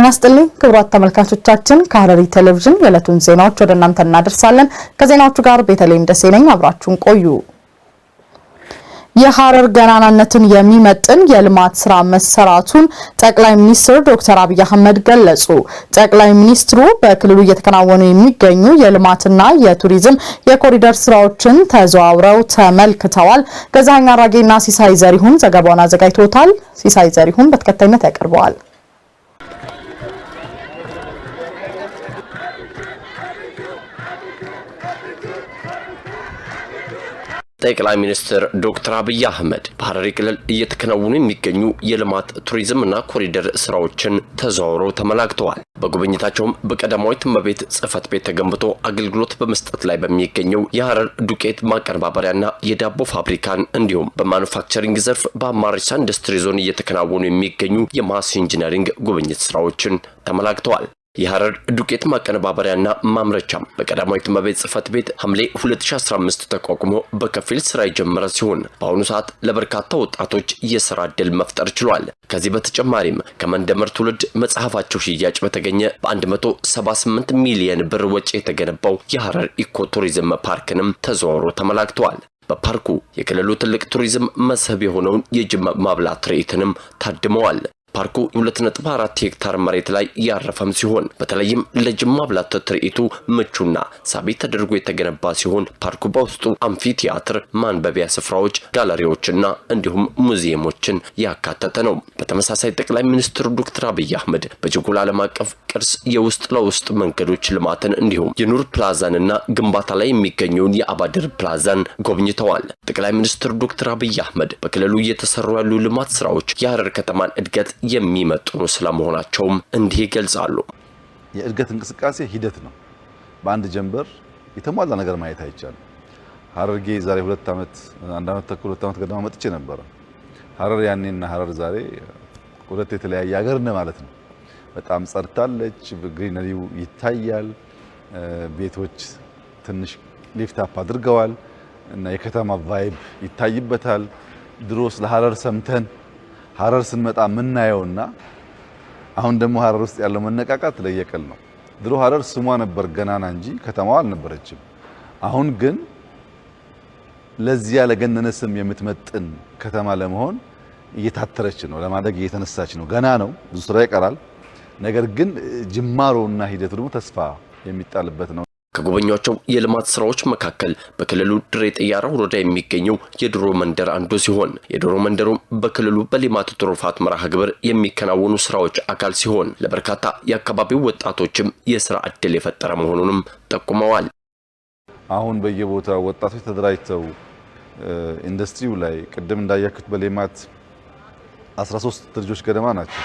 ጤና ስጥልኝ ክቡራት ተመልካቾቻችን፣ ከሐረሪ ቴሌቪዥን የዕለቱን ዜናዎች ወደ እናንተ እናደርሳለን። ከዜናዎቹ ጋር ቤተልሔም ደሴ ነኝ። አብራችሁን ቆዩ። የሐረር ገናናነትን የሚመጥን የልማት ስራ መሰራቱን ጠቅላይ ሚኒስትር ዶክተር አብይ አህመድ ገለጹ። ጠቅላይ ሚኒስትሩ በክልሉ እየተከናወኑ የሚገኙ የልማትና የቱሪዝም የኮሪደር ስራዎችን ተዘዋውረው ተመልክተዋል። ገዛኸኝ አራጌና ሲሳይ ዘሪሁን ዘገባውን አዘጋጅቶታል። ሲሳይ ዘሪሁን በተከታይነት ያቀርበዋል። ጠቅላይ ሚኒስትር ዶክተር አብይ አህመድ በሐረሪ ክልል እየተከናወኑ የሚገኙ የልማት ቱሪዝምና ኮሪደር ስራዎችን ተዘዋውረው ተመላክተዋል። በጉብኝታቸውም በቀዳማዊት እመቤት ጽሕፈት ቤት ተገንብቶ አገልግሎት በመስጠት ላይ በሚገኘው የሐረር ዱቄት ማቀነባበሪያና የዳቦ ፋብሪካን እንዲሁም በማኑፋክቸሪንግ ዘርፍ በአማርሳ ኢንዱስትሪ ዞን እየተከናወኑ የሚገኙ የማስ ኢንጂነሪንግ ጉብኝት ስራዎችን ተመላክተዋል። የሐረር ዱቄት ማቀነባበሪያና ማምረቻ በቀዳማዊት እመቤት ጽህፈት ቤት ሐምሌ 2015 ተቋቁሞ በከፊል ስራ የጀመረ ሲሆን በአሁኑ ሰዓት ለበርካታ ወጣቶች የስራ ዕድል መፍጠር ችሏል። ከዚህ በተጨማሪም ከመንደመር ትውልድ መጽሐፋቸው ሽያጭ በተገኘ በ178 ሚሊየን ብር ወጪ የተገነባው የሐረር ኢኮ ቱሪዝም ፓርክንም ተዘዋውሮ ተመላክተዋል። በፓርኩ የክልሉ ትልቅ ቱሪዝም መስህብ የሆነውን የጅመ ማብላት ትርኢትንም ታድመዋል። ፓርኩ 24 ሄክታር መሬት ላይ ያረፈም ሲሆን በተለይም ለጅማ ብላተ ትርኢቱ ምቹና ሳቢ ተደርጎ የተገነባ ሲሆን ፓርኩ በውስጡ አምፊ ቲያትር፣ ማንበቢያ ስፍራዎች፣ ጋለሪዎችና እንዲሁም ሙዚየሞችን ያካተተ ነው። በተመሳሳይ ጠቅላይ ሚኒስትር ዶክተር አብይ አህመድ በጅጉል ዓለም አቀፍ ቅርስ የውስጥ ለውስጥ መንገዶች ልማትን እንዲሁም የኑር ፕላዛንና ግንባታ ላይ የሚገኘውን የአባድር ፕላዛን ጎብኝተዋል። ጠቅላይ ሚኒስትር ዶክተር አብይ አህመድ በክልሉ እየተሰሩ ያሉ ልማት ስራዎች የሀረር ከተማን እድገት የሚመጥኑ ስለመሆናቸውም እንዲህ ይገልጻሉ። የእድገት እንቅስቃሴ ሂደት ነው። በአንድ ጀንበር የተሟላ ነገር ማየት አይቻልም። ሀረርጌ ዛሬ ሁለት ዓመት አንድ ዓመት ተኩል ሁለት ዓመት ገደማ መጥቼ ነበረ። ሀረር ያኔና ሀረር ዛሬ ሁለት የተለያየ ሀገር ነ ማለት ነው። በጣም ጸድታለች። ግሪነሪው ይታያል። ቤቶች ትንሽ ሊፍታፕ አድርገዋል እና የከተማ ቫይብ ይታይበታል። ድሮ ስለ ሀረር ሰምተን ሀረር ስንመጣ ምናየውና አሁን ደግሞ ሀረር ውስጥ ያለው መነቃቃት ለየቀል ነው። ድሮ ሀረር ስሟ ነበር ገናና እንጂ ከተማዋ አልነበረችም። አሁን ግን ለዚያ ለገነነ ስም የምትመጥን ከተማ ለመሆን እየታተረች ነው፣ ለማደግ እየተነሳች ነው። ገና ነው፣ ብዙ ስራ ይቀራል። ነገር ግን ጅማሮና ሂደቱ ደግሞ ተስፋ የሚጣልበት ነው። ከጎበኟቸው የልማት ስራዎች መካከል በክልሉ ድሬ ጠያራ ወረዳ የሚገኘው የድሮ መንደር አንዱ ሲሆን የድሮ መንደሩም በክልሉ በሌማት ትሩፋት መርሃ ግብር የሚከናወኑ ስራዎች አካል ሲሆን ለበርካታ የአካባቢው ወጣቶችም የስራ እድል የፈጠረ መሆኑንም ጠቁመዋል። አሁን በየቦታው ወጣቶች ተደራጅተው ኢንዱስትሪው ላይ ቅድም እንዳያችሁት በሌማት 13 ድርጅቶች ገደማ ናቸው።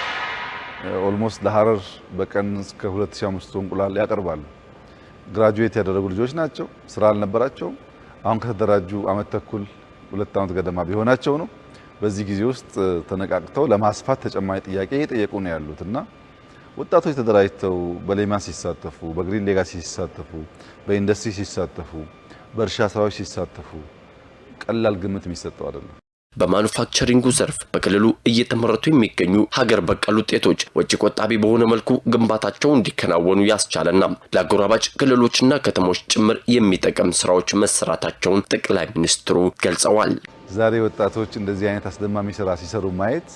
ኦልሞስት ለሀረር በቀን እስከ 2500 እንቁላል ያቀርባሉ። ግራጁዌት ያደረጉ ልጆች ናቸው። ስራ አልነበራቸውም። አሁን ከተደራጁ አመት ተኩል ሁለት አመት ገደማ ቢሆናቸው ነው። በዚህ ጊዜ ውስጥ ተነቃቅተው ለማስፋት ተጨማሪ ጥያቄ እየጠየቁ ነው ያሉት እና ወጣቶች ተደራጅተው በሌማ ሲሳተፉ፣ በግሪን ሌጋሲ ሲሳተፉ፣ በኢንዱስትሪ ሲሳተፉ፣ በእርሻ ስራዎች ሲሳተፉ ቀላል ግምት የሚሰጠው አይደለም። በማኑፋክቸሪንጉ ዘርፍ በክልሉ እየተመረቱ የሚገኙ ሀገር በቀል ውጤቶች ወጪ ቆጣቢ በሆነ መልኩ ግንባታቸው እንዲከናወኑ ያስቻለና ለአጎራባጭ ክልሎችና ከተሞች ጭምር የሚጠቅም ስራዎች መሰራታቸውን ጠቅላይ ሚኒስትሩ ገልጸዋል። ዛሬ ወጣቶች እንደዚህ አይነት አስደማሚ ስራ ሲሰሩ ማየት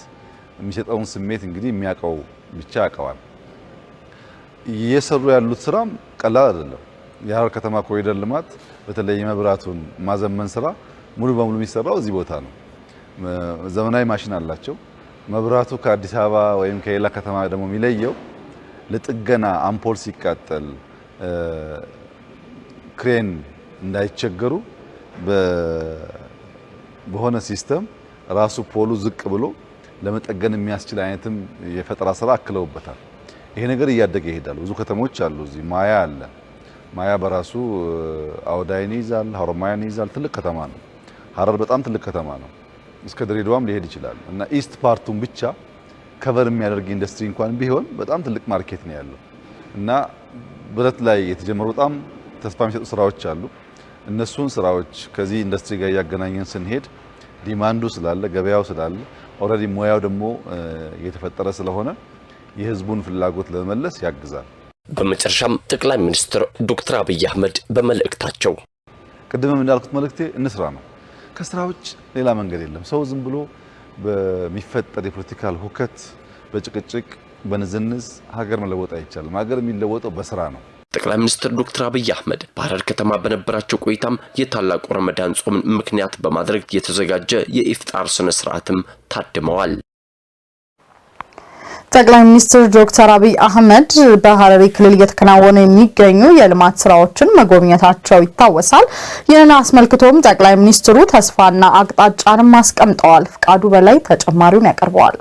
የሚሰጠውን ስሜት እንግዲህ የሚያውቀው ብቻ ያውቀዋል። እየሰሩ ያሉት ስራም ቀላል አይደለም። የሀረር ከተማ ኮሪደር ልማት በተለይ የመብራቱን ማዘመን ስራ ሙሉ በሙሉ የሚሰራው እዚህ ቦታ ነው። ዘመናዊ ማሽን አላቸው። መብራቱ ከአዲስ አበባ ወይም ከሌላ ከተማ ደግሞ የሚለየው ለጥገና አምፖል ሲቃጠል ክሬን እንዳይቸገሩ በሆነ ሲስተም ራሱ ፖሉ ዝቅ ብሎ ለመጠገን የሚያስችል አይነትም የፈጠራ ስራ አክለውበታል። ይሄ ነገር እያደገ ይሄዳል። ብዙ ከተሞች አሉ። እዚህ ማያ አለ። ማያ በራሱ አውዳይን ይዛል፣ ሀሮማያን ይዛል። ትልቅ ከተማ ነው። ሀረር በጣም ትልቅ ከተማ ነው። እስከ ድሬዳዋም ሊሄድ ይችላል እና ኢስት ፓርቱን ብቻ ከቨር የሚያደርግ ኢንዱስትሪ እንኳን ቢሆን በጣም ትልቅ ማርኬት ነው ያለው እና ብረት ላይ የተጀመሩ በጣም ተስፋ የሚሰጡ ስራዎች አሉ። እነሱን ስራዎች ከዚህ ኢንዱስትሪ ጋር እያገናኘን ስንሄድ ዲማንዱ ስላለ ገበያው ስላለ ኦልሬዲ ሙያው ደግሞ እየተፈጠረ ስለሆነ የህዝቡን ፍላጎት ለመመለስ ያግዛል። በመጨረሻም ጠቅላይ ሚኒስትር ዶክተር አብይ አህመድ በመልእክታቸው ቅድምም እንዳልኩት መልእክቴ እንስራ ነው። ከስራ ውጭ ሌላ መንገድ የለም። ሰው ዝም ብሎ በሚፈጠር የፖለቲካል ሁከት፣ በጭቅጭቅ፣ በንዝንዝ ሀገር መለወጥ አይቻልም። ሀገር የሚለወጠው በስራ ነው። ጠቅላይ ሚኒስትር ዶክተር አብይ አህመድ በሐረር ከተማ በነበራቸው ቆይታም የታላቁ ረመዳን ጾምን ምክንያት በማድረግ የተዘጋጀ የኢፍጣር ስነ ስርዓትም ታድመዋል። ጠቅላይ ሚኒስትር ዶክተር አብይ አህመድ በሀረሪ ክልል እየተከናወኑ የሚገኙ የልማት ስራዎችን መጎብኘታቸው ይታወሳል። ይህንን አስመልክቶም ጠቅላይ ሚኒስትሩ ተስፋና አቅጣጫንም አስቀምጠዋል። ፍቃዱ በላይ ተጨማሪውን ያቀርበዋል።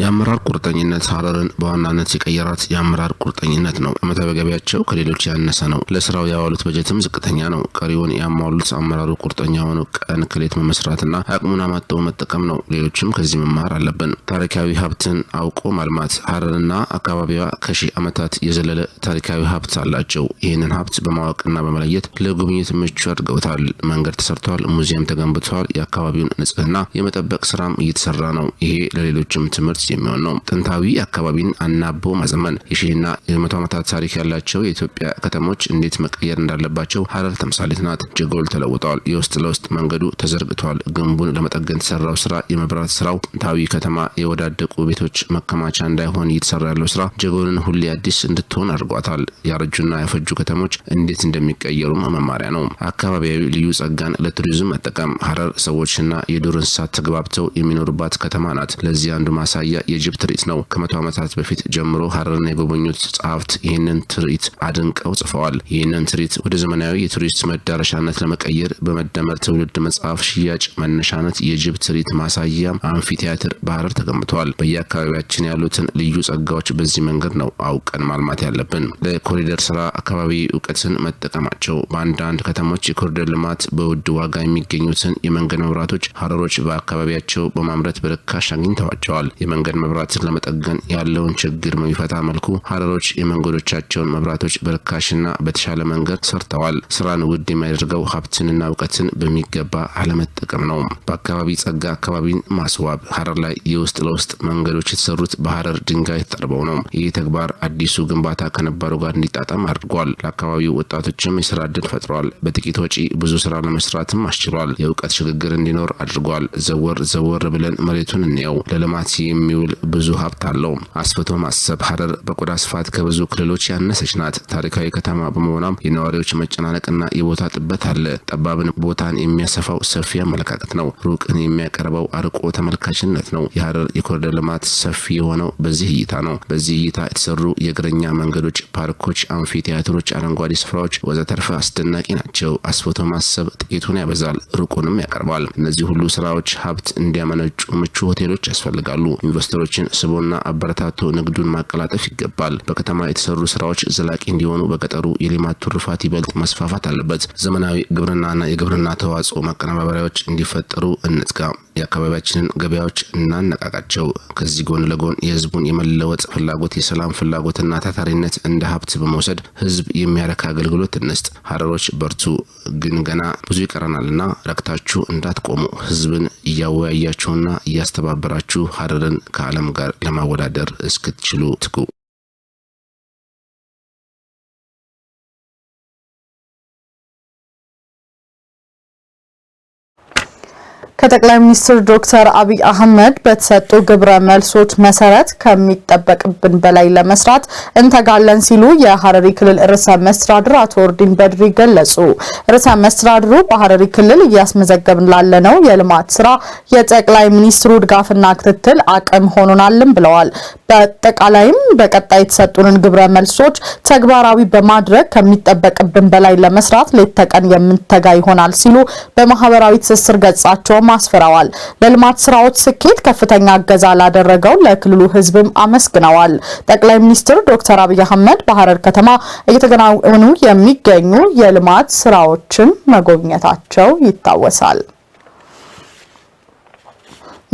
የአመራር ቁርጠኝነት ሀረርን በዋናነት የቀየራት የአመራር ቁርጠኝነት ነው። አመተ በገቢያቸው ከሌሎች ያነሰ ነው። ለስራው ያዋሉት በጀትም ዝቅተኛ ነው። ቀሪውን ያሟሉት አመራሩ ቁርጠኛ ሆኖ ቀን ክሌት መመስራትና አቅሙን አማጠው መጠቀም ነው። ሌሎችም ከዚህ መማር አለብን። ታሪካዊ ሀብትን አውቆ ማልማት። ሀረርና አካባቢዋ ከሺህ ዓመታት የዘለለ ታሪካዊ ሀብት አላቸው። ይህንን ሀብት በማወቅና በመለየት ለጉብኝት ምቹ አድርገውታል። መንገድ ተሰርቷል፣ ሙዚየም ተገንብቷል። የአካባቢውን ንጽህና የመጠበቅ ስራም እየተሰራ ነው። ይሄ ለሌሎችም ትምህርት የሚሆን ነው። ጥንታዊ አካባቢን አናቦ ማዘመን የሺህና የመቶ ዓመታት ታሪክ ያላቸው የኢትዮጵያ ከተሞች እንዴት መቀየር እንዳለባቸው ሀረር ተምሳሌት ናት። ጀጎል ተለውጠዋል። የውስጥ ለውስጥ መንገዱ ተዘርግቷል። ግንቡን ለመጠገን የተሰራው ስራ፣ የመብራት ስራው፣ ጥንታዊ ከተማ የወዳደቁ ቤቶች መከማቻ እንዳይሆን እየተሰራ ያለው ስራ ጀጎልን ሁሌ አዲስ እንድትሆን አድርጓታል። ያረጁና ያፈጁ ከተሞች እንዴት እንደሚቀየሩም መማሪያ ነው። አካባቢያዊ ልዩ ጸጋን ለቱሪዝም መጠቀም ሀረር ሰዎችና የዱር እንስሳት ተግባብተው የሚኖሩባት ከተማ ናት። ለዚህ አንዱ ማሳያ የጅብ ትርኢት ነው። ከመቶ ዓመታት በፊት ጀምሮ ሀረርን የጎበኙት ጸሐፍት ይህንን ትርኢት አድንቀው ጽፈዋል። ይህንን ትርኢት ወደ ዘመናዊ የቱሪስት መዳረሻነት ለመቀየር በመደመር ትውልድ መጽሐፍ ሽያጭ መነሻነት የጅብ ትርኢት ማሳያ ቲያትር በሀረር ተቀምጠዋል። በየአካባቢያችን ያሉትን ልዩ ጸጋዎች በዚህ መንገድ ነው አውቀን ማልማት ያለብን። ለኮሪደር ስራ አካባቢ እውቀትን መጠቀማቸው በአንዳንድ ከተሞች የኮሪደር ልማት በውድ ዋጋ የሚገኙትን የመንገድ መብራቶች ሀረሮች በአካባቢያቸው በማምረት በርካሽ አግኝተዋቸዋል። የመንገድ መብራትን ለመጠገን ያለውን ችግር በሚፈታ መልኩ ሀረሮች የመንገዶቻቸውን መብራቶች በርካሽና በተሻለ መንገድ ሰርተዋል። ስራን ውድ የሚያደርገው ሀብትንና እውቀትን በሚገባ አለመጠቀም ነው። በአካባቢ ጸጋ አካባቢን ማስዋብ ሀረር ላይ የውስጥ ለውስጥ መንገዶች የተሰሩት በሀረር ድንጋይ ተጠርበው ነው። ይህ ተግባር አዲሱ ግንባታ ከነባሩ ጋር እንዲጣጣም አድርጓል። ለአካባቢው ወጣቶችም የስራ እድል ፈጥሯል። በጥቂት ወጪ ብዙ ስራ ለመስራትም አስችሏል። የእውቀት ሽግግር እንዲኖር አድርጓል። ዘወር ዘወር ብለን መሬቱን እንየው። ለልማት የሚ የሚውል ብዙ ሀብት አለው። አስፍቶ ማሰብ ሀረር በቆዳ ስፋት ከብዙ ክልሎች ያነሰች ናት። ታሪካዊ ከተማ በመሆኗም የነዋሪዎች መጨናነቅና የቦታ ጥበት አለ። ጠባብን ቦታን የሚያሰፋው ሰፊ አመለካከት ነው። ሩቅን የሚያቀርበው አርቆ ተመልካችነት ነው። የሀረር የኮሪደር ልማት ሰፊ የሆነው በዚህ እይታ ነው። በዚህ እይታ የተሰሩ የእግረኛ መንገዶች፣ ፓርኮች፣ አምፊ ቲያትሮች፣ አረንጓዴ ስፍራዎች ወዘተርፈ አስደናቂ ናቸው። አስፍቶ ማሰብ ጥቂቱን ያበዛል፣ ሩቁንም ያቀርባል። እነዚህ ሁሉ ስራዎች ሀብት እንዲያመነጩ ምቹ ሆቴሎች ያስፈልጋሉ። ኢንቨስተሮችን ስቦና አበረታቶ ንግዱን ማቀላጠፍ ይገባል። በከተማ የተሰሩ ስራዎች ዘላቂ እንዲሆኑ በገጠሩ የልማት ትሩፋት ይበልጥ መስፋፋት አለበት። ዘመናዊ ግብርናና የግብርና ተዋጽኦ ማቀነባበሪያዎች እንዲፈጠሩ እንጥጋ። የአካባቢያችንን ገበያዎች እናነቃቃቸው። ከዚህ ጎን ለጎን የህዝቡን የመለወጥ ፍላጎት፣ የሰላም ፍላጎትና ታታሪነት እንደ ሀብት በመውሰድ ህዝብ የሚያረካ አገልግሎት እንስጥ። ሀረሮች በርቱ፣ ግን ገና ብዙ ይቀረናልና ረክታችሁ እንዳትቆሙ ህዝብን እያወያያችሁና እያስተባበራችሁ ሀረርን ከዓለም ጋር ለማወዳደር እስክትችሉ ትጉ። ከጠቅላይ ሚኒስትር ዶክተር አብይ አህመድ በተሰጡ ግብረ መልሶች መሰረት ከሚጠበቅብን በላይ ለመስራት እንተጋለን ሲሉ የሀረሪ ክልል ርዕሰ መስተዳድር አቶ ኦርዲን በድሪ ገለጹ። ርዕሰ መስተዳድሩ በሀረሪ ክልል እያስመዘገብን ላለነው የልማት ስራ የጠቅላይ ሚኒስትሩ ድጋፍና ክትትል አቅም ሆኖናልም ብለዋል። በአጠቃላይም በቀጣይ የተሰጡንን ግብረ መልሶች ተግባራዊ በማድረግ ከሚጠበቅብን በላይ ለመስራት ሌት ተቀን የምንተጋ ይሆናል ሲሉ በማህበራዊ ትስስር ገጻቸው አስፍረዋል። ለልማት ስራዎች ስኬት ከፍተኛ እገዛ ላደረገው ለክልሉ ህዝብም አመስግነዋል። ጠቅላይ ሚኒስትር ዶክተር አብይ አህመድ በሀረር ከተማ እየተገናኑ የሚገኙ የልማት ስራዎችን መጎብኘታቸው ይታወሳል።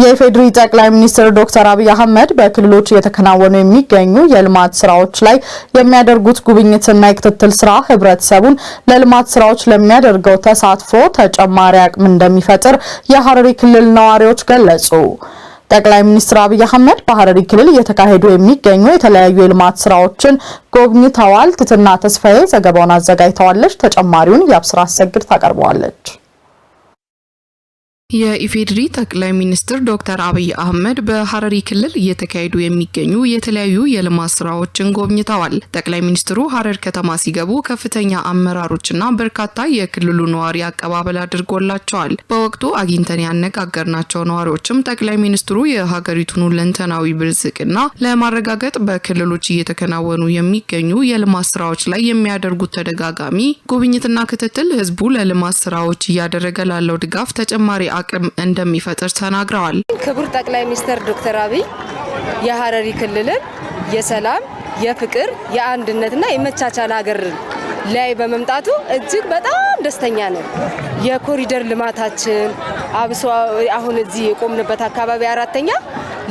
የኢፌዴሪ ጠቅላይ ሚኒስትር ዶክተር አብይ አህመድ በክልሎች እየተከናወኑ የሚገኙ የልማት ስራዎች ላይ የሚያደርጉት ጉብኝትና የክትትል ስራ ህብረተሰቡን ለልማት ስራዎች ለሚያደርገው ተሳትፎ ተጨማሪ አቅም እንደሚፈጥር የሐረሪ ክልል ነዋሪዎች ገለጹ። ጠቅላይ ሚኒስትር አብይ አህመድ በሐረሪ ክልል እየተካሄዱ የሚገኙ የተለያዩ የልማት ስራዎችን ጎብኝተዋል። ትትና ተስፋዬ ዘገባውን አዘጋጅተዋለች። ተጨማሪውን የአብስራ አሰግድ ታቀርበዋለች። የኢፌዴሪ ጠቅላይ ሚኒስትር ዶክተር አብይ አህመድ በሐረሪ ክልል እየተካሄዱ የሚገኙ የተለያዩ የልማት ስራዎችን ጎብኝተዋል። ጠቅላይ ሚኒስትሩ ሐረር ከተማ ሲገቡ ከፍተኛ አመራሮችና በርካታ የክልሉ ነዋሪ አቀባበል አድርጎላቸዋል። በወቅቱ አግኝተን ያነጋገርናቸው ነዋሪዎችም ጠቅላይ ሚኒስትሩ የሀገሪቱን ሁለንተናዊ ብልጽግና ለማረጋገጥ በክልሎች እየተከናወኑ የሚገኙ የልማት ስራዎች ላይ የሚያደርጉት ተደጋጋሚ ጉብኝትና ክትትል ህዝቡ ለልማት ስራዎች እያደረገ ላለው ድጋፍ ተጨማሪ አቅም እንደሚፈጥር ተናግረዋል። ክቡር ጠቅላይ ሚኒስትር ዶክተር አብይ የሀረሪ ክልልን የሰላም የፍቅር የአንድነትና የመቻቻል ሀገር ላይ በመምጣቱ እጅግ በጣም ደስተኛ ነን። የኮሪደር ልማታችን አብሶ አሁን እዚህ የቆምንበት አካባቢ አራተኛ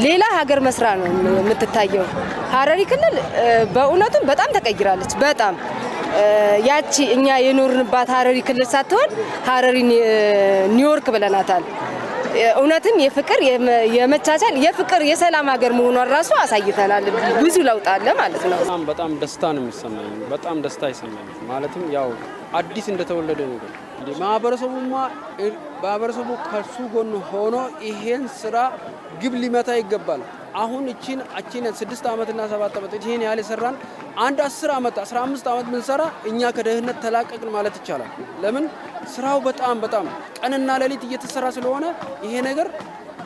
ሌላ ሀገር መስራ ነው የምትታየው ሀረሪ ክልል በእውነቱም በጣም ተቀይራለች። በጣም ያቺ እኛ የኖርንባት ሀረሪ ክልል ሳትሆን ሀረሪ ኒውዮርክ ብለናታል። እውነትም የፍቅር የመቻቻል የፍቅር የሰላም ሀገር መሆኗን ራሱ አሳይተናል። ብዙ ለውጥ አለ ማለት ነው። በጣም በጣም ደስታ ነው የሚሰማኝ። በጣም ደስታ ይሰማኝ። ማለትም ያው አዲስ እንደተወለደ ነገር ማህበረሰቡማ ማህበረሰቡ ከሱ ጎን ሆኖ ይሄን ስራ ግብ ሊመታ ይገባል። አሁን እቺን አቺን ስድስት ዓመትና ሰባት ዓመት ይህን ያህል የሰራን አንድ አስር ዓመት አስራ አምስት ዓመት ብንሰራ እኛ ከደህንነት ተላቀቅን ማለት ይቻላል። ለምን ስራው በጣም በጣም ቀንና ሌሊት እየተሰራ ስለሆነ ይሄ ነገር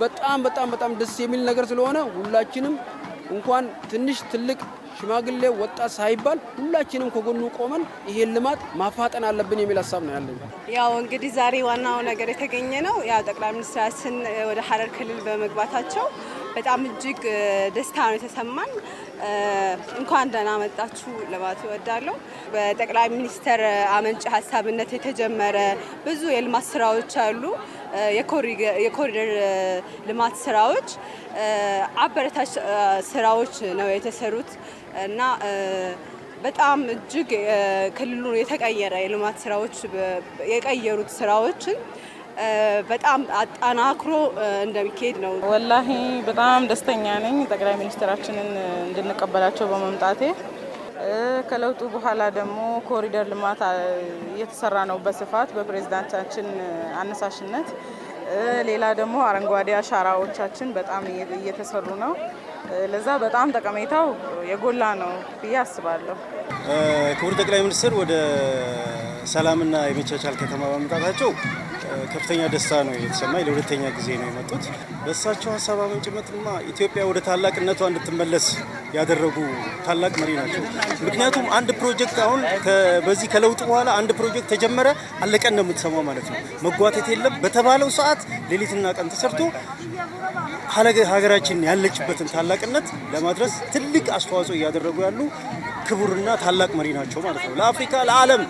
በጣም በጣም በጣም ደስ የሚል ነገር ስለሆነ ሁላችንም እንኳን ትንሽ ትልቅ ሽማግሌ፣ ወጣት ሳይባል ሁላችንም ከጎኑ ቆመን ይሄን ልማት ማፋጠን አለብን የሚል ሀሳብ ነው ያለኝ። ያው እንግዲህ ዛሬ ዋናው ነገር የተገኘ ነው። ያው ጠቅላይ ሚኒስትራችን ወደ ሀረር ክልል በመግባታቸው በጣም እጅግ ደስታ ነው የተሰማን። እንኳን ደህና መጣችሁ ለማለት እወዳለሁ። በጠቅላይ ሚኒስትር አመንጭ ሀሳብነት የተጀመረ ብዙ የልማት ስራዎች አሉ። የኮሪደር ልማት ስራዎች አበረታች ስራዎች ነው የተሰሩት እና በጣም እጅግ ክልሉ የተቀየረ የልማት ስራዎች የቀየሩት ስራዎችን በጣም አጠናክሮ እንደሚካሄድ ነው። ወላሂ በጣም ደስተኛ ነኝ ጠቅላይ ሚኒስትራችንን እንድንቀበላቸው በመምጣቴ። ከለውጡ በኋላ ደግሞ ኮሪደር ልማት እየተሰራ ነው በስፋት በፕሬዝዳንታችን አነሳሽነት ሌላ ደግሞ አረንጓዴ አሻራዎቻችን በጣም እየተሰሩ ነው። ለዛ በጣም ጠቀሜታው የጎላ ነው ብዬ አስባለሁ። ክቡር ጠቅላይ ሚኒስትር ወደ ሰላምና የመቻቻል ከተማ በመምጣታቸው ከፍተኛ ደስታ ነው የተሰማኝ። ለሁለተኛ ጊዜ ነው የመጡት። በእሳቸው ሀሳብ አመንጭነትማ ኢትዮጵያ ወደ ታላቅነቷ እንድትመለስ ያደረጉ ታላቅ መሪ ናቸው። ምክንያቱም አንድ ፕሮጀክት አሁን በዚህ ከለውጥ በኋላ አንድ ፕሮጀክት ተጀመረ አለቀ እንደምትሰማው ማለት ነው። መጓተት የለም። በተባለው ሰዓት ሌሊትና ቀን ተሰርቶ ሀገራችን ያለችበትን ታላቅነት ለማድረስ ትልቅ አስተዋጽኦ እያደረጉ ያሉ ክቡርና ታላቅ መሪ ናቸው ማለት ነው ለአፍሪካ ለዓለም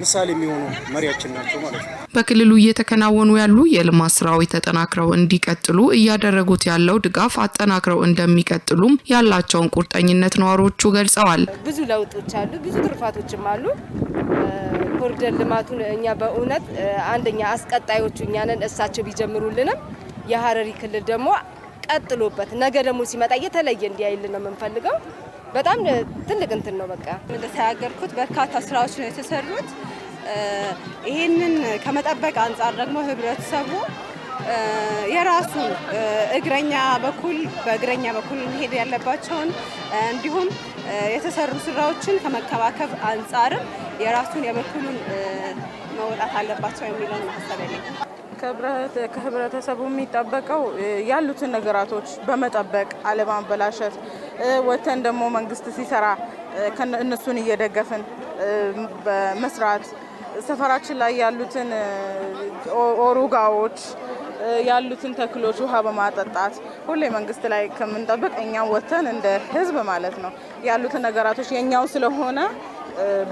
ምሳሌ የሚሆኑ መሪያችን ናቸው ማለት ነው። በክልሉ እየተከናወኑ ያሉ የልማት ስራዎች ተጠናክረው እንዲቀጥሉ እያደረጉት ያለው ድጋፍ አጠናክረው እንደሚቀጥሉም ያላቸውን ቁርጠኝነት ነዋሪዎቹ ገልጸዋል። ብዙ ለውጦች አሉ፣ ብዙ ትርፋቶችም አሉ። ኮሪደር ልማቱን እኛ በእውነት አንደኛ አስቀጣዮቹ እኛንን እሳቸው ቢጀምሩልንም የሀረሪ ክልል ደግሞ ቀጥሎበት ነገ ደግሞ ሲመጣ እየተለየ እንዲያይል ነው የምንፈልገው። በጣም ትልቅ እንትን ነው። በቃ እንደተናገርኩት በርካታ ስራዎች ነው የተሰሩት። ይህንን ከመጠበቅ አንጻር ደግሞ ህብረተሰቡ የራሱ እግረኛ በኩል በእግረኛ በኩል መሄድ ያለባቸውን እንዲሁም የተሰሩ ስራዎችን ከመከባከብ አንጻርም የራሱን የበኩሉን መወጣት አለባቸው የሚለውን ሀሳብ ከህብረተሰቡ የሚጠበቀው ያሉትን ነገራቶች በመጠበቅ አለማበላሸት፣ ወተን ደግሞ መንግስት ሲሰራ እነሱን እየደገፍን መስራት ሰፈራችን ላይ ያሉትን ኦሩጋዎች ያሉትን ተክሎች ውሃ በማጠጣት ሁሌ መንግስት ላይ ከምንጠብቅ እኛም ወተን እንደ ህዝብ ማለት ነው ያሉትን ነገራቶች የኛው ስለሆነ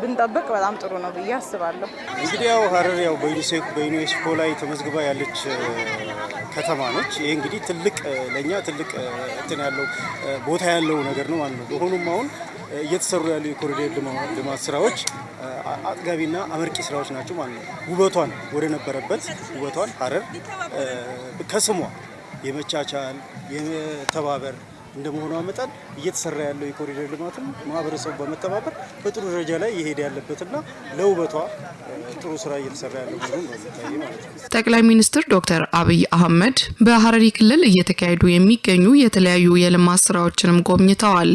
ብንጠብቅ በጣም ጥሩ ነው ብዬ አስባለሁ። እንግዲህ ያው ሀረር ያው በዩኔስኮ ላይ ተመዝግባ ያለች ከተማ ነች። ይህ እንግዲህ ትልቅ ለእኛ ትልቅ እንትን ያለው ቦታ ያለው ነገር ነው ማለት ነው። በሆኑም አሁን እየተሰሩ ያሉ የኮሪደር ልማት ስራዎች አጥጋቢና አመርቂ ስራዎች ናቸው ማለት ነው። ውበቷን ወደ ነበረበት ውበቷን ሀረር ከስሟ የመቻቻል የመተባበር እንደመሆኗ መጠን እየተሰራ ያለው የኮሪደር ልማትም ማህበረሰቡ በመተባበር በጥሩ ደረጃ ላይ የሄደ ያለበትና ለውበቷ ጥሩ ስራ እየተሰራ ያለ መሆኑን ነው ማለት ነው። ጠቅላይ ሚኒስትር ዶክተር አብይ አህመድ በሀረሪ ክልል እየተካሄዱ የሚገኙ የተለያዩ የልማት ስራዎችንም ጎብኝተዋል።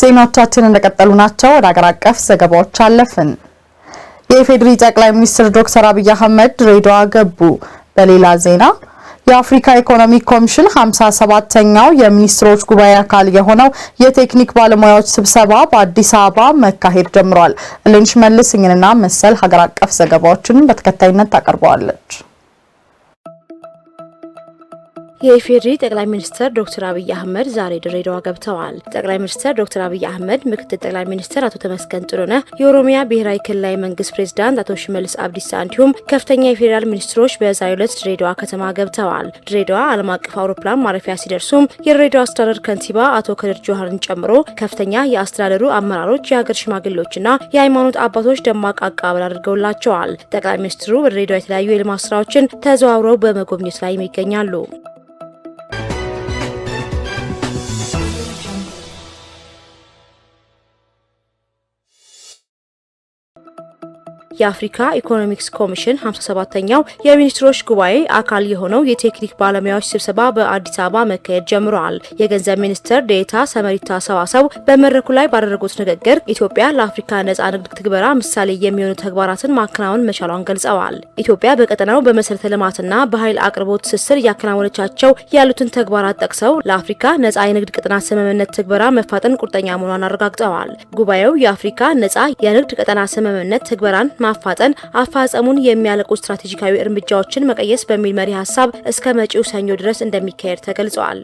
ዜናዎቻችን እንደቀጠሉ ናቸው። ወደ አገር አቀፍ ዘገባዎች አለፍን። የኢፌዴሪ ጠቅላይ ሚኒስትር ዶክተር አብይ አህመድ ድሬዳዋ ገቡ። በሌላ ዜና የአፍሪካ ኢኮኖሚ ኮሚሽን 57 ኛው የሚኒስትሮች ጉባኤ አካል የሆነው የቴክኒክ ባለሙያዎች ስብሰባ በአዲስ አበባ መካሄድ ጀምሯል። ልንሽ መልስ እኝንና መሰል ሀገር አቀፍ ዘገባዎችን በተከታይነት ታቀርበዋለች። የኢፌዴሪ ጠቅላይ ሚኒስትር ዶክተር አብይ አህመድ ዛሬ ድሬዳዋ ገብተዋል። ጠቅላይ ሚኒስትር ዶክተር አብይ አህመድ፣ ምክትል ጠቅላይ ሚኒስትር አቶ ተመስገን ጥሩነህ፣ የኦሮሚያ ብሔራዊ ክልላዊ መንግስት ፕሬዚዳንት አቶ ሽመልስ አብዲሳ እንዲሁም ከፍተኛ የፌዴራል ሚኒስትሮች በዛሬው ዕለት ድሬዳዋ ከተማ ገብተዋል። ድሬዳዋ ዓለም አቀፍ አውሮፕላን ማረፊያ ሲደርሱም የድሬዳዋ አስተዳደር ከንቲባ አቶ ከድር ጆሀርን ጨምሮ ከፍተኛ የአስተዳደሩ አመራሮች፣ የሀገር ሽማግሌዎችና የሃይማኖት አባቶች ደማቅ አቀባበል አድርገውላቸዋል። ጠቅላይ ሚኒስትሩ በድሬዳዋ የተለያዩ የልማት ስራዎችን ተዘዋውረው በመጎብኘት ላይ ይገኛሉ። የአፍሪካ ኢኮኖሚክስ ኮሚሽን 57ኛው የሚኒስትሮች ጉባኤ አካል የሆነው የቴክኒክ ባለሙያዎች ስብሰባ በአዲስ አበባ መካሄድ ጀምረዋል። የገንዘብ ሚኒስትር ዴኤታ ሰመሪታ ሰዋሰው በመድረኩ ላይ ባደረጉት ንግግር ኢትዮጵያ ለአፍሪካ ነጻ ንግድ ትግበራ ምሳሌ የሚሆኑ ተግባራትን ማከናወን መቻሏን ገልጸዋል። ኢትዮጵያ በቀጠናው በመሰረተ ልማትና በኃይል አቅርቦት ትስስር እያከናወነቻቸው ያሉትን ተግባራት ጠቅሰው ለአፍሪካ ነጻ የንግድ ቀጠና ስምምነት ትግበራ መፋጠን ቁርጠኛ መሆኗን አረጋግጠዋል። ጉባኤው የአፍሪካ ነጻ የንግድ ቀጠና ስምምነት ትግበራን በማፋጠን አፋጸሙን የሚያለቁ ስትራቴጂካዊ እርምጃዎችን መቀየስ በሚል መሪ ሀሳብ እስከ መጪው ሰኞ ድረስ እንደሚካሄድ ተገልጿል።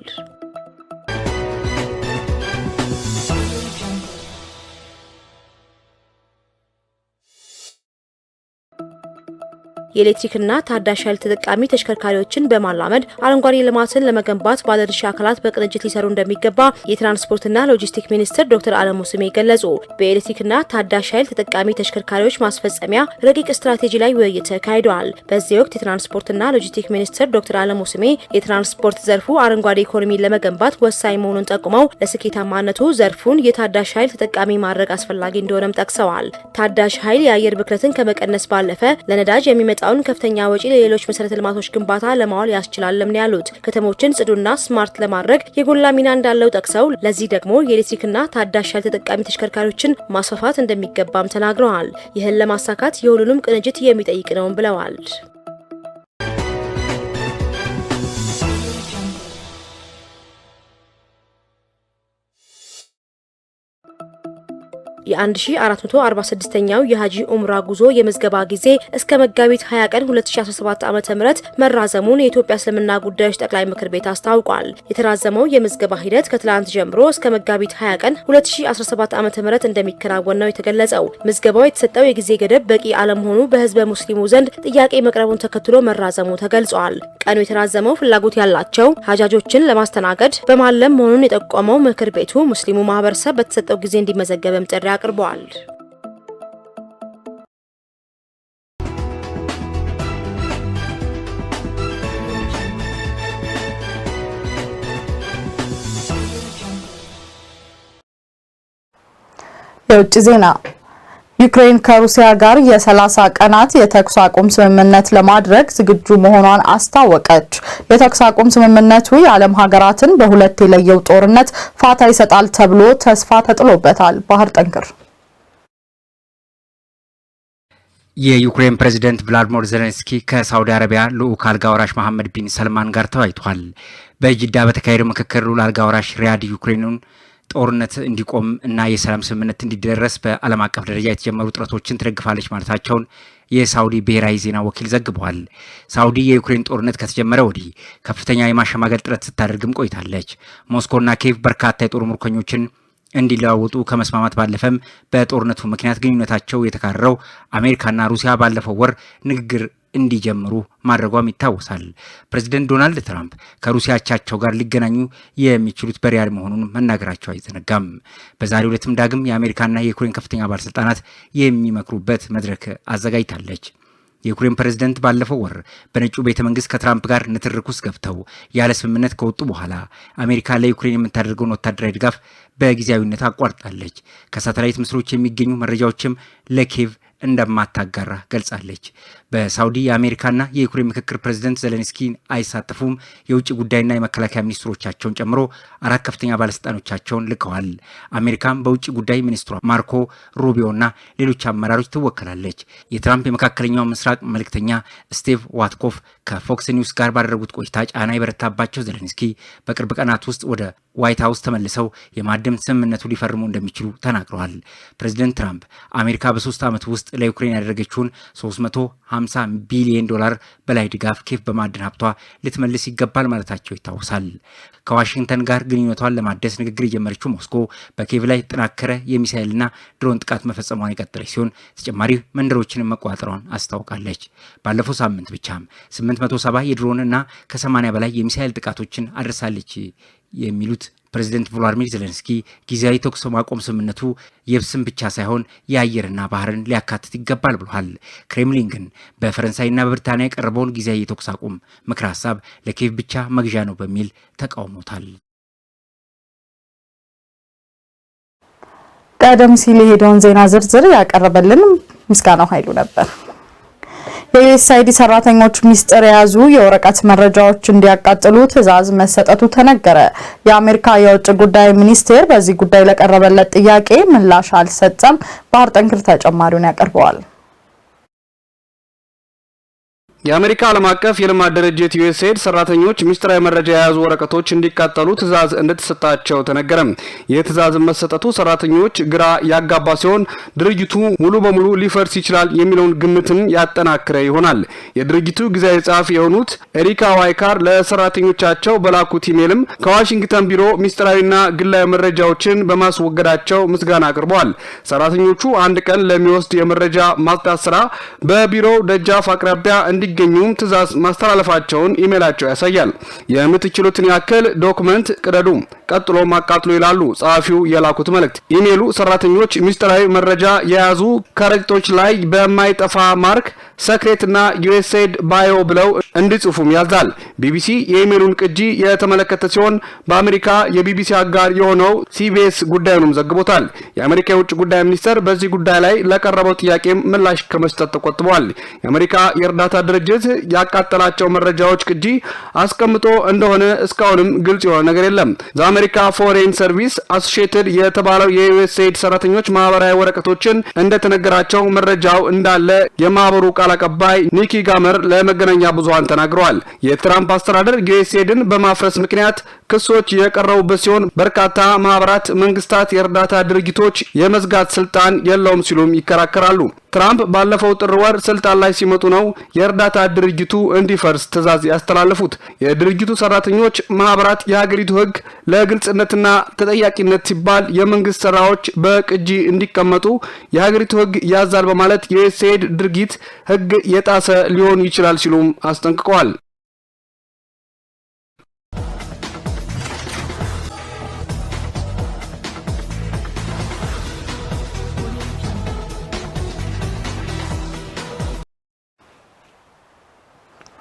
የኤሌክትሪክና ታዳሽ ኃይል ተጠቃሚ ተሽከርካሪዎችን በማላመድ አረንጓዴ ልማትን ለመገንባት ባለድርሻ አካላት በቅንጅት ሊሰሩ እንደሚገባ የትራንስፖርትና ሎጂስቲክ ሚኒስትር ዶክተር አለሙ ስሜ ገለጹ። በኤሌክትሪክና ታዳሽ ኃይል ተጠቃሚ ተሽከርካሪዎች ማስፈጸሚያ ረቂቅ ስትራቴጂ ላይ ውይይት ተካሂደዋል። በዚህ ወቅት የትራንስፖርትና ሎጂስቲክ ሚኒስትር ዶክተር አለሙ ስሜ የትራንስፖርት ዘርፉ አረንጓዴ ኢኮኖሚን ለመገንባት ወሳኝ መሆኑን ጠቁመው ለስኬታማነቱ ዘርፉን የታዳሽ ኃይል ተጠቃሚ ማድረግ አስፈላጊ እንደሆነም ጠቅሰዋል። ታዳሽ ኃይል የአየር ብክለትን ከመቀነስ ባለፈ ለነዳጅ የሚመጣ የወጣውን ከፍተኛ ወጪ ለሌሎች መሰረተ ልማቶች ግንባታ ለማዋል ያስችላለም ነው ያሉት። ከተሞችን ጽዱና ስማርት ለማድረግ የጎላ ሚና እንዳለው ጠቅሰው ለዚህ ደግሞ የኤሌክትሪክና ታዳሽ ኃይል ተጠቃሚ ተሽከርካሪዎችን ማስፋፋት እንደሚገባም ተናግረዋል። ይህን ለማሳካት የሁሉንም ቅንጅት የሚጠይቅ ነውም ብለዋል። 1446 ኛው የሀጂ ኡምራ ጉዞ የመዝገባ ጊዜ እስከ መጋቢት 20 ቀን 2017 ዓ.ም መራዘሙን የኢትዮጵያ እስልምና ጉዳዮች ጠቅላይ ምክር ቤት አስታውቋል። የተራዘመው የምዝገባ ሂደት ከትላንት ጀምሮ እስከ መጋቢት 20 ቀን 2017 ዓ.ም እንደሚከናወን ነው የተገለጸው። ምዝገባው የተሰጠው የጊዜ ገደብ በቂ አለመሆኑ በህዝበ ሙስሊሙ ዘንድ ጥያቄ መቅረቡን ተከትሎ መራዘሙ ተገልጿል። ቀኑ የተራዘመው ፍላጎት ያላቸው ሀጃጆችን ለማስተናገድ በማለም መሆኑን የጠቆመው ምክር ቤቱ ሙስሊሙ ማህበረሰብ በተሰጠው ጊዜ እንዲመዘገብም ጥሪ አቅርቧል። አቅርበዋል። የውጭ ዜና ዩክሬን ከሩሲያ ጋር የ30 ቀናት የተኩስ አቁም ስምምነት ለማድረግ ዝግጁ መሆኗን አስታወቀች። የተኩስ አቁም ስምምነቱ የዓለም ሀገራትን በሁለት የለየው ጦርነት ፋታ ይሰጣል ተብሎ ተስፋ ተጥሎበታል። ባህር ጠንክር የዩክሬን ፕሬዚደንት ቭላድሚር ዜሌንስኪ ከሳውዲ አረቢያ ልዑክ አልጋወራሽ መሐመድ ቢን ሰልማን ጋር ተወያይቷል። በጅዳ በተካሄደው ምክክር ልዑል አልጋወራሽ ሪያድ ዩክሬኑን ጦርነት እንዲቆም እና የሰላም ስምምነት እንዲደረስ በዓለም አቀፍ ደረጃ የተጀመሩ ጥረቶችን ትደግፋለች ማለታቸውን የሳውዲ ብሔራዊ ዜና ወኪል ዘግቧል። ሳውዲ የዩክሬን ጦርነት ከተጀመረ ወዲህ ከፍተኛ የማሸማገል ጥረት ስታደርግም ቆይታለች። ሞስኮና ኬቭ በርካታ የጦር ምርኮኞችን እንዲለዋወጡ ከመስማማት ባለፈም በጦርነቱ ምክንያት ግንኙነታቸው የተካረረው አሜሪካና ሩሲያ ባለፈው ወር ንግግር እንዲጀምሩ ማድረጓም ይታወሳል። ፕሬዚደንት ዶናልድ ትራምፕ ከሩሲያ አቻቸው ጋር ሊገናኙ የሚችሉት በሪያድ መሆኑን መናገራቸው አይዘነጋም። በዛሬው ዕለትም ዳግም የአሜሪካና የዩክሬን ከፍተኛ ባለስልጣናት የሚመክሩበት መድረክ አዘጋጅታለች። የዩክሬን ፕሬዝደንት ባለፈው ወር በነጩ ቤተ መንግስት ከትራምፕ ጋር ንትርክ ውስጥ ገብተው ያለ ስምምነት ከወጡ በኋላ አሜሪካ ለዩክሬን የምታደርገውን ወታደራዊ ድጋፍ በጊዜያዊነት አቋርጣለች። ከሳተላይት ምስሎች የሚገኙ መረጃዎችም ለኬቭ እንደማታጋራ ገልጻለች። በሳውዲ የአሜሪካና የዩክሬን ምክክር ፕሬዚደንት ዘለንስኪ አይሳተፉም። የውጭ ጉዳይና የመከላከያ ሚኒስትሮቻቸውን ጨምሮ አራት ከፍተኛ ባለስልጣኖቻቸውን ልከዋል። አሜሪካም በውጭ ጉዳይ ሚኒስትሯ ማርኮ ሩቢዮና ሌሎች አመራሮች ትወከላለች። የትራምፕ የመካከለኛው ምስራቅ መልእክተኛ ስቲቭ ዋትኮፍ ከፎክስ ኒውስ ጋር ባደረጉት ቆይታ ጫና የበረታባቸው ዘለንስኪ በቅርብ ቀናት ውስጥ ወደ ዋይት ሀውስ ተመልሰው የማዕድን ስምምነቱ ሊፈርሙ እንደሚችሉ ተናግረዋል። ፕሬዚደንት ትራምፕ አሜሪካ በሶስት ዓመት ውስጥ ለዩክሬን ያደረገችውን 3 50 ቢሊዮን ዶላር በላይ ድጋፍ ኬፍ በማዕድን ሀብቷ ልትመልስ ይገባል ማለታቸው ይታወሳል። ከዋሽንግተን ጋር ግንኙነቷን ለማደስ ንግግር የጀመረችው ሞስኮ በኬቭ ላይ የተጠናከረ የሚሳይልና ድሮን ጥቃት መፈጸሟን የቀጠለች ሲሆን ተጨማሪ መንደሮችንም መቆጣጠሯን አስታውቃለች። ባለፈው ሳምንት ብቻም 870 የድሮን እና ከ80 በላይ የሚሳይል ጥቃቶችን አድርሳለች የሚሉት ፕሬዚደንት ቮሎዲሚር ዜሌንስኪ ጊዜያዊ ተኩስ ማቆም ስምምነቱ የብስም ብቻ ሳይሆን የአየርና ባህርን ሊያካትት ይገባል ብሏል። ክሬምሊን ግን በፈረንሳይና በብሪታንያ የቀረበውን ጊዜያዊ የተኩስ አቁም ምክር ሀሳብ ለኬቭ ብቻ መግዣ ነው በሚል ተቃውሞታል። ቀደም ሲል የሄደውን ዜና ዝርዝር ያቀረበልን ምስጋናው ኃይሉ ነበር። የዩኤስአይዲ ሰራተኞች ሚስጥር የያዙ የወረቀት መረጃዎች እንዲያቃጥሉ ትዕዛዝ መሰጠቱ ተነገረ። የአሜሪካ የውጭ ጉዳይ ሚኒስቴር በዚህ ጉዳይ ለቀረበለት ጥያቄ ምላሽ አልሰጠም። ባህር ጠንክር ተጨማሪውን ያቀርበዋል። የአሜሪካ ዓለም አቀፍ የልማት ድርጅት ዩኤስኤድ ሰራተኞች ሚስጥራዊ መረጃ የያዙ ወረቀቶች እንዲቃጠሉ ትዕዛዝ እንደተሰጣቸው ተነገረም። ይህ ትዕዛዝ መሰጠቱ ሰራተኞች ግራ ያጋባ ሲሆን ድርጅቱ ሙሉ በሙሉ ሊፈርስ ይችላል የሚለውን ግምትን ያጠናክረ ይሆናል። የድርጅቱ ጊዜያዊ ጸሐፊ የሆኑት ኤሪካ ዋይካር ለሰራተኞቻቸው በላኩት ኢሜልም ከዋሽንግተን ቢሮ ሚስጥራዊና ግላዊ መረጃዎችን በማስወገዳቸው ምስጋና አቅርበዋል። ሰራተኞቹ አንድ ቀን ለሚወስድ የመረጃ ማጽዳት ስራ በቢሮው ደጃፍ አቅራቢያ እንዲ እንዲገኙም ትዕዛዝ ማስተላለፋቸውን ኢሜላቸው ያሳያል። የምትችሉትን ያክል ዶክመንት ቅደዱ፣ ቀጥሎም አቃጥሉ ይላሉ ጸሐፊው የላኩት መልእክት። ኢሜሉ ሰራተኞች ሚስጥራዊ መረጃ የያዙ ከረጢቶች ላይ በማይጠፋ ማርክ ሰክሬት እና ዩኤስኤድ ባዮ ብለው እንዲጽፉም ያዛል። ቢቢሲ የኢሜሉን ቅጂ የተመለከተ ሲሆን በአሜሪካ የቢቢሲ አጋር የሆነው ሲቢኤስ ጉዳዩንም ዘግቦታል። የአሜሪካ የውጭ ጉዳይ ሚኒስተር በዚህ ጉዳይ ላይ ለቀረበው ጥያቄም ምላሽ ከመስጠት ተቆጥቧል። የአሜሪካ የእርዳታ ድርጅት ድርጅት ያቃጠላቸው መረጃዎች ቅጂ አስቀምጦ እንደሆነ እስካሁንም ግልጽ የሆነ ነገር የለም። ዘአሜሪካ ፎሬን ሰርቪስ አሶሽትድ የተባለው የዩኤስኤድ ሰራተኞች ማህበራዊ ወረቀቶችን እንደተነገራቸው መረጃው እንዳለ የማህበሩ ቃል አቀባይ ኒኪ ጋመር ለመገናኛ ብዙኃን ተናግረዋል። የትራምፕ አስተዳደር ዩኤስኤድን በማፍረስ ምክንያት ክሶች የቀረቡበት ሲሆን በርካታ ማህበራት፣ መንግስታት፣ የእርዳታ ድርጅቶች የመዝጋት ስልጣን የለውም ሲሉም ይከራከራሉ። ትራምፕ ባለፈው ጥር ወር ስልጣን ላይ ሲመጡ ነው የእርዳታ ድርጅቱ እንዲፈርስ ትዕዛዝ ያስተላለፉት። የድርጅቱ ሰራተኞች ማህበራት የሀገሪቱ ሕግ ለግልጽነትና ተጠያቂነት ሲባል የመንግስት ስራዎች በቅጂ እንዲቀመጡ የሀገሪቱ ሕግ ያዛል በማለት የዩኤስኤድ ድርጊት ሕግ የጣሰ ሊሆን ይችላል ሲሉም አስጠንቅቀዋል።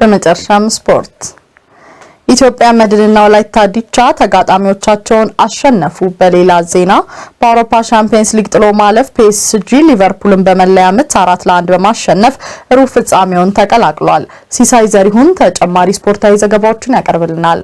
በመጨረሻም ስፖርት ኢትዮጵያ መድንና ወላይታ ዲቻ ተጋጣሚዎቻቸውን አሸነፉ። በሌላ ዜና በአውሮፓ ሻምፒየንስ ሊግ ጥሎ ማለፍ ፒኤስጂ ሊቨርፑልን በመለያ ምት አራት ለአንድ በማሸነፍ ሩብ ፍጻሜውን ተቀላቅሏል። ሲሳይ ዘሪሁን ተጨማሪ ስፖርታዊ ዘገባዎችን ያቀርብልናል።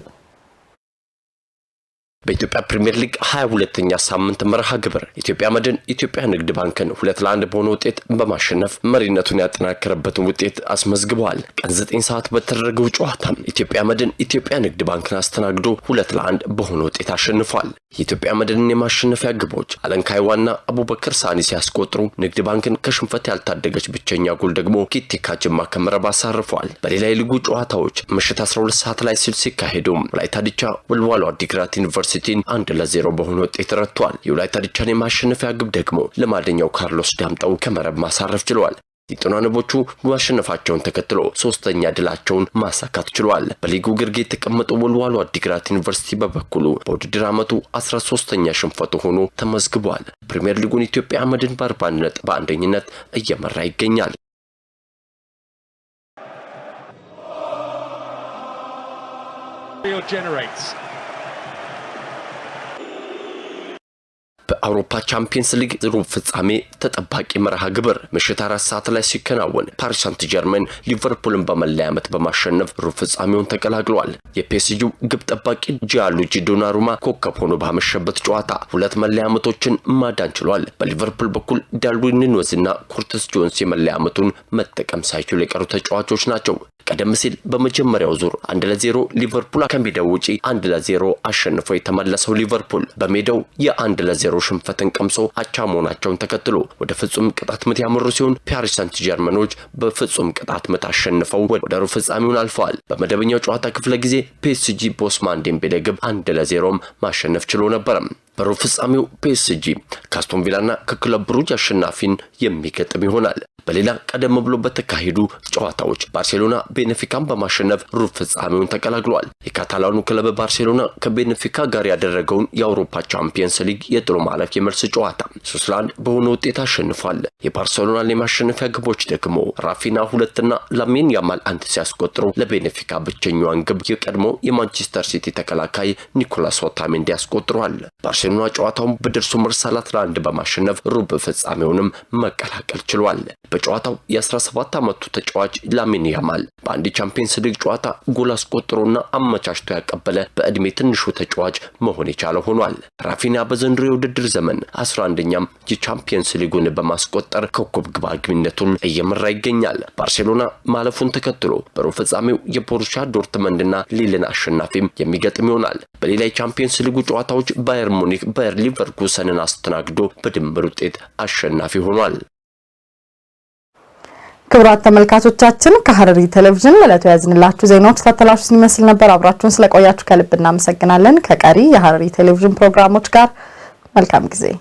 በኢትዮጵያ ፕሪምየር ሊግ 22ኛ ሳምንት መርሃ ግብር ኢትዮጵያ መድን ኢትዮጵያ ንግድ ባንክን ሁለት ለአንድ በሆነ ውጤት በማሸነፍ መሪነቱን ያጠናከረበትን ውጤት አስመዝግበዋል። ቀን 9 ሰዓት በተደረገው ጨዋታም ኢትዮጵያ መድን ኢትዮጵያ ንግድ ባንክን አስተናግዶ ሁለት ለአንድ በሆነ ውጤት አሸንፏል። የኢትዮጵያ መድንን የማሸነፊያ ግቦች አለንካይዋና አቡበክር ሳኒ ሲያስቆጥሩ ንግድ ባንክን ከሽንፈት ያልታደገች ብቸኛ ጎል ደግሞ ኪቴካ ጅማ ከመረብ አሳርፏል። በሌላ የሊጉ ጨዋታዎች ምሽት 12 ሰዓት ላይ ሲል ሲካሄዱም ወላይታ ወልዋሎ አዲግራት ዩኒቨርሲቲ ሲቲን አንድ ለዜሮ በሆነ ውጤት ረቷል። የወላይታ ዲቻን የማሸነፊያ ግብ ደግሞ ለማደኛው ካርሎስ ዳምጠው ከመረብ ማሳረፍ ችለዋል። የጥናንቦቹ ማሸነፋቸውን ተከትሎ ሶስተኛ ድላቸውን ማሳካት ችሏል። በሊጉ ግርጌ የተቀመጠው ወልዋሎ አዲግራት ዩኒቨርሲቲ በበኩሉ በውድድር ዓመቱ 13ተኛ ሽንፈቱ ሆኖ ተመዝግቧል። ፕሪምየር ሊጉን ኢትዮጵያ አመድን በ41 ነጥብ በአንደኝነት እየመራ ይገኛል። generates በአውሮፓ ቻምፒየንስ ሊግ ሩብ ፍጻሜ ተጠባቂ መርሃ ግብር ምሽት አራት ሰዓት ላይ ሲከናወን ፓሪስ ሳንት ጀርመን ሊቨርፑልን በመለያ ዓመት በማሸነፍ ሩብ ፍጻሜውን ተቀላቅሏል። የፔስጂው ግብ ጠባቂ ጂያንሉጂ ዶናሩማ ኮከብ ሆኖ ባመሸበት ጨዋታ ሁለት መለያ ዓመቶችን ማዳን ችሏል። በሊቨርፑል በኩል ዳርዊን ኑኔዝና ኩርትስ ጆንስ የመለያ ዓመቱን መጠቀም ሳይችሉ የቀሩ ተጫዋቾች ናቸው። ቀደም ሲል በመጀመሪያው ዙር አንድ ለዜሮ ሊቨርፑል ከሜዳው ውጪ አንድ ለዜሮ አሸንፎ የተመለሰው ሊቨርፑል በሜዳው የአንድ ለዜሮ ሽንፈትን ቀምሶ አቻ መሆናቸውን ተከትሎ ወደ ፍጹም ቅጣት ምት ያመሩ ሲሆን ፓሪስ ሰንት ጀርመኖች በፍጹም ቅጣት ምት አሸንፈው ወደ ሩብ ፍጻሜውን አልፈዋል። በመደበኛው ጨዋታ ክፍለ ጊዜ ፒኤስጂ ቦስማን ዴምቤሌ ግብ አንድ ለዜሮም ማሸነፍ ችሎ ነበረም። በሩብ ፍጻሜው ፒኤስጂ ከአስቶን ቪላና ከክለብ ብሩጅ አሸናፊን የሚገጥም ይሆናል። በሌላ ቀደም ብሎ በተካሄዱ ጨዋታዎች ባርሴሎና ቤኔፊካን በማሸነፍ ሩብ ፍጻሜውን ተቀላቅሏል። የካታላኑ ክለብ ባርሴሎና ከቤኔፊካ ጋር ያደረገውን የአውሮፓ ቻምፒየንስ ሊግ የጥሎ ማለፍ የመልስ ጨዋታ ሶስት ለአንድ በሆነ ውጤት አሸንፏል። የባርሴሎናን የማሸነፊያ ግቦች ደግሞ ራፊና ሁለትና ላሚን ያማል አንድ ሲያስቆጥሩ ለቤኔፊካ ብቸኛዋን ግብ የቀድሞ የማንቸስተር ሲቲ ተከላካይ ኒኮላስ ኦታሜንዲ ያስቆጥሯል። ባርሴሎና ጨዋታውን በደርሶ ምርት ሰላት ለአንድ በማሸነፍ ሩብ ፍጻሜውንም መቀላቀል ችሏል። በጨዋታው የ17 ዓመቱ ተጫዋች ላሚን ያማል በአንድ ቻምፒየንስ ሊግ ጨዋታ ጎል አስቆጥሮና አመቻችቶ ያቀበለ በዕድሜ ትንሹ ተጫዋች መሆን የቻለ ሆኗል። ራፊኒያ በዘንድሮ የውድድር ዘመን 11ኛም የቻምፒየንስ ሊጉን በማስቆጠር ኮከብ ግብ አግቢነቱን እየመራ ይገኛል። ባርሴሎና ማለፉን ተከትሎ በሩብ ፍጻሜው የቦሩሲያ ዶርትመንድና ሊልን አሸናፊም የሚገጥም ይሆናል። በሌላ የቻምፒየንስ ሊጉ ጨዋታዎች ባየር ሙኒክ ባየር ሊቨርኩሰንን አስተናግዶ በድምር ውጤት አሸናፊ ሆኗል። ክብራት ተመልካቾቻችን ከሐረሪ ቴሌቪዥን ለዕለቱ ያዝንላችሁ ዜናዎች ተተላሹ ይመስል ነበር። አብራችሁን ስለቆያችሁ ከልብ እናመሰግናለን። ከቀሪ የሐረሪ ቴሌቪዥን ፕሮግራሞች ጋር መልካም ጊዜ